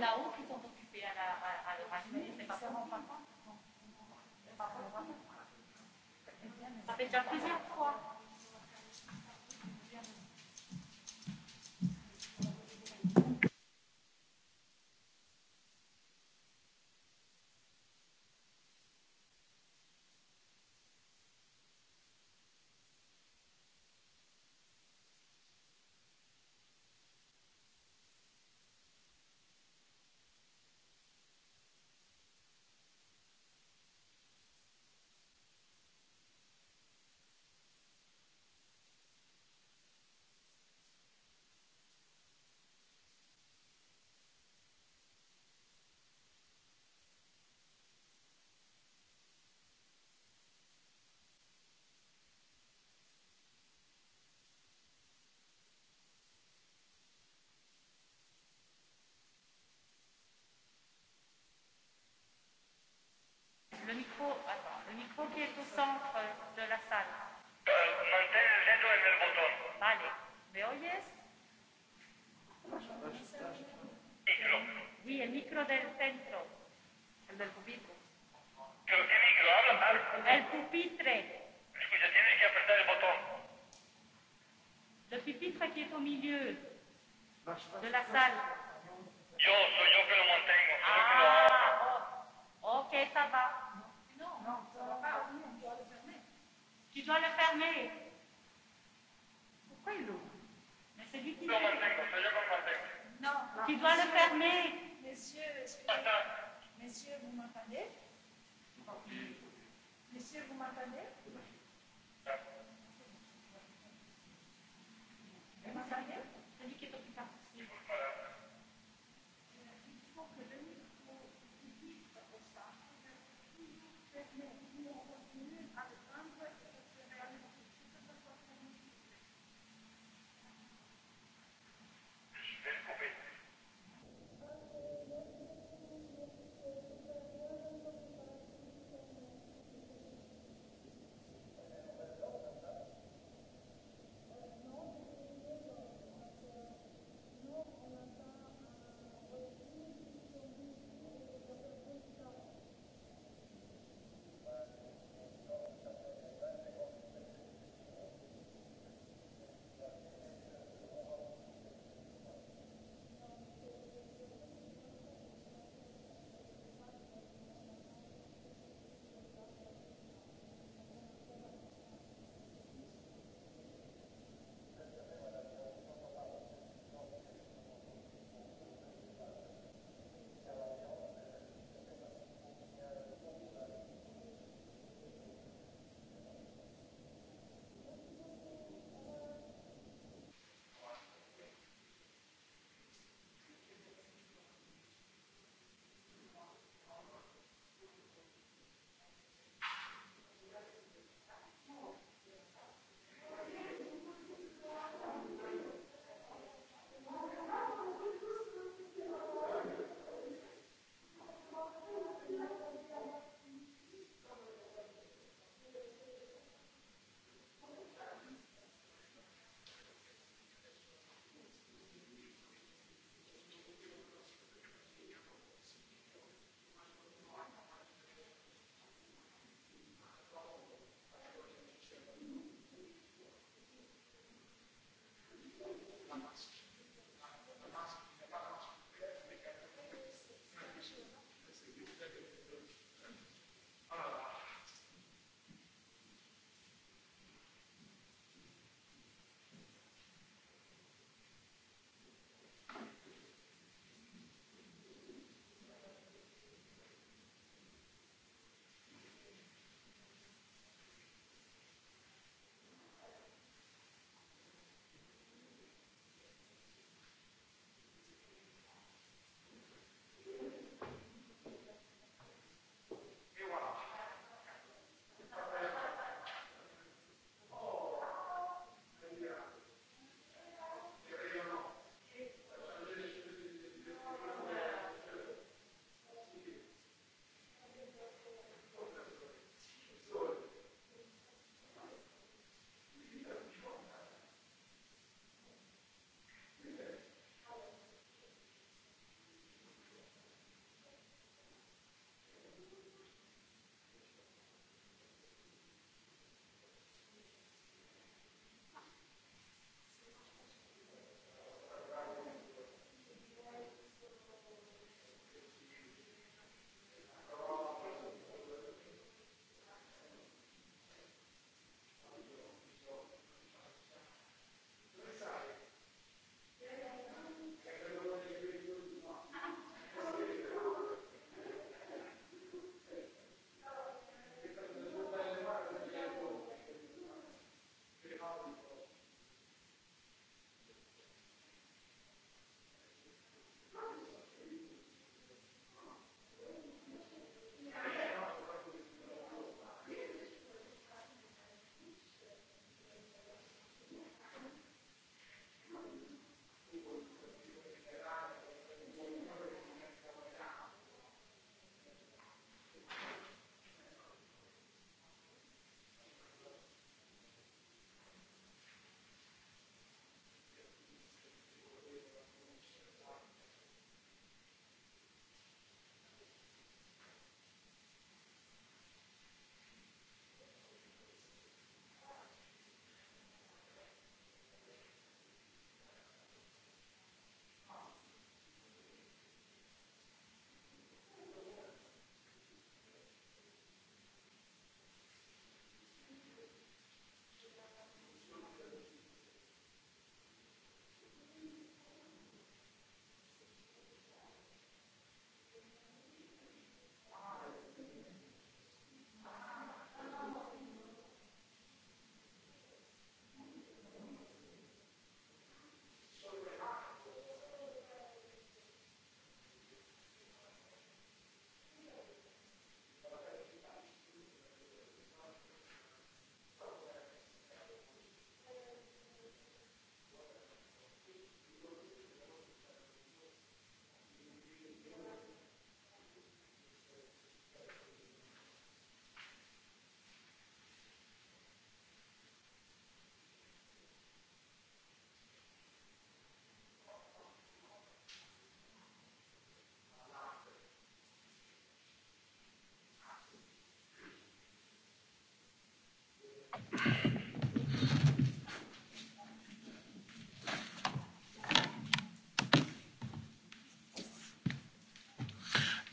là-haut Ça fait déjà plusieurs. qui est au milieu de la salle. Yo soy yo que lo mantengo. Ah, oh, ok, ça va. Non, non, ça va pas. On doit le fermer. Tu dois le fermer. Pourquoi il l'ouvre Mais c'est lui qui l'ouvre. Non, soy yo que lo mantengo. Non. Tu dois le fermer. Messieurs, excusez-moi. Messieurs, vous m'entendez Messieurs, vous m'entendez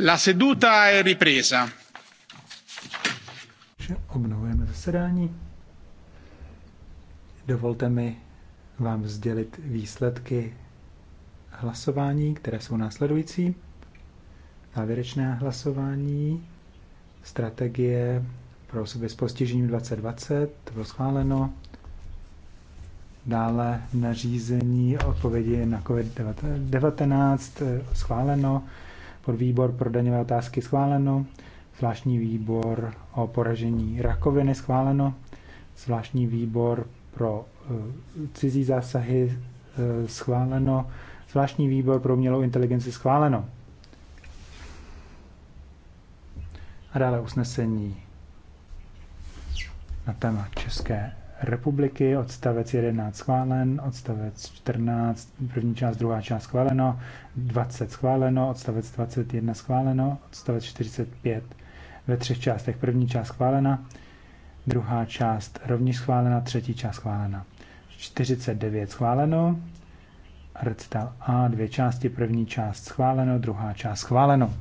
La seduta è ripresa. Obnovujeme zasedání. Dovolte mi vám sdělit výsledky hlasování, které jsou následující. Závěrečné hlasování strategie pro osoby s postižením 2020 bylo schváleno. Dále nařízení odpovědi na COVID-19 eh, schváleno podvýbor pro daňové otázky schváleno, zvláštní výbor o poražení rakoviny schváleno, zvláštní výbor pro eh, cizí zásahy eh, schváleno, zvláštní výbor pro umělou inteligenci schváleno. A dále usnesení na téma české republiky, odstavec 11 schválen, odstavec 14, první část, druhá část schváleno, 20 schváleno, odstavec 21 schváleno, odstavec 45 ve třech částech, první část schválena, druhá část rovněž schválena, třetí část schválena. 49 schváleno, recital A, dvě části, první část schváleno, druhá část schváleno.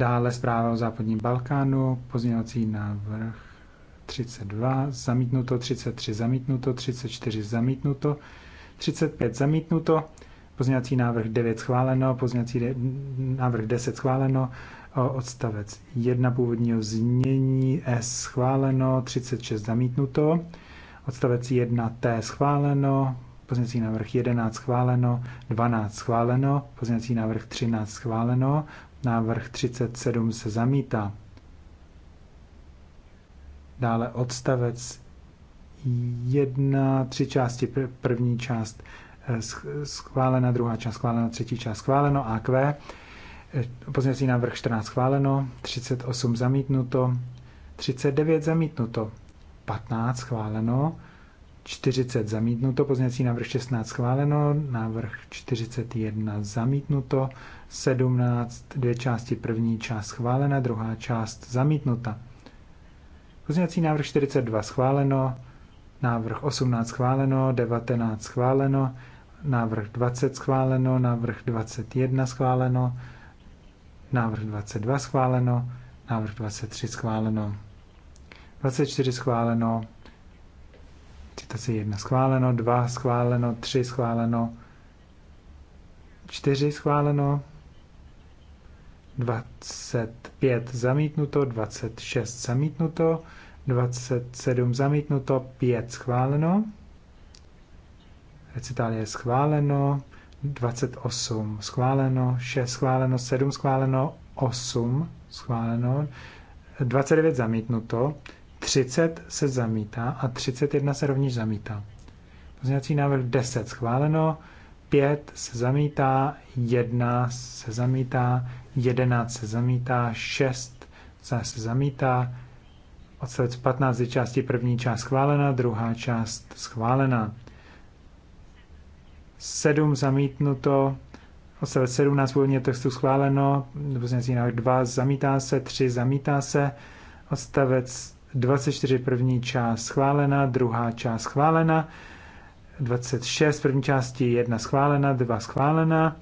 Dále zpráva o západním Balkánu, pozměňovací návrh 32, zamítnuto 33, zamítnuto 34, zamítnuto 35, zamítnuto, pozměňovací návrh 9 schváleno, pozměňovací návrh 10 schváleno, odstavec 1 původního znění S schváleno, 36 zamítnuto, odstavec 1 T schváleno, pozměňovací návrh 11 schváleno, 12 schváleno, pozměňovací návrh 13 schváleno, Návrh 37 se zamítá. Dále odstavec 1, tři části, první část eh, schválena, druhá část schválena, třetí část schváleno, AQ, pozměňovací návrh 14 schváleno, 38 zamítnuto, 39 zamítnuto, 15 schváleno, 40 zamítnuto, pozněcí návrh 16 schváleno, návrh 41 zamítnuto, 17 dvě části, první část schválena, druhá část zamítnuta. Pozněcí návrh 42 schváleno, návrh 18 schváleno, 19 schváleno, návrh 20 schváleno, návrh 21 schváleno, návrh 22 schváleno, návrh 23 schváleno, 24 schváleno, Citace 1 schváleno, 2 schváleno, 3 schváleno, 4 schváleno, 25 zamítnuto, 26 zamítnuto, 27 zamítnuto, 5 schváleno. Recitál je schváleno, 28 schváleno, 6 schváleno, 7 schváleno, 8 schváleno, 29 zamítnuto, 30 se zamítá a 31 se rovněž zamítá. Pozměňovací návrh 10 schváleno, 5 se zamítá, 1 se zamítá, 11 se zamítá, 6 se zamítá, odstavec 15 je části první část schválena, druhá část schválena. 7 zamítnuto, odstavec 17 původně textu schváleno, pozměňovací návrh 2 zamítá se, 3 zamítá se, odstavec 24 první část schválena, druhá část schválena, 26 první části 1 schválena, 2 schválena,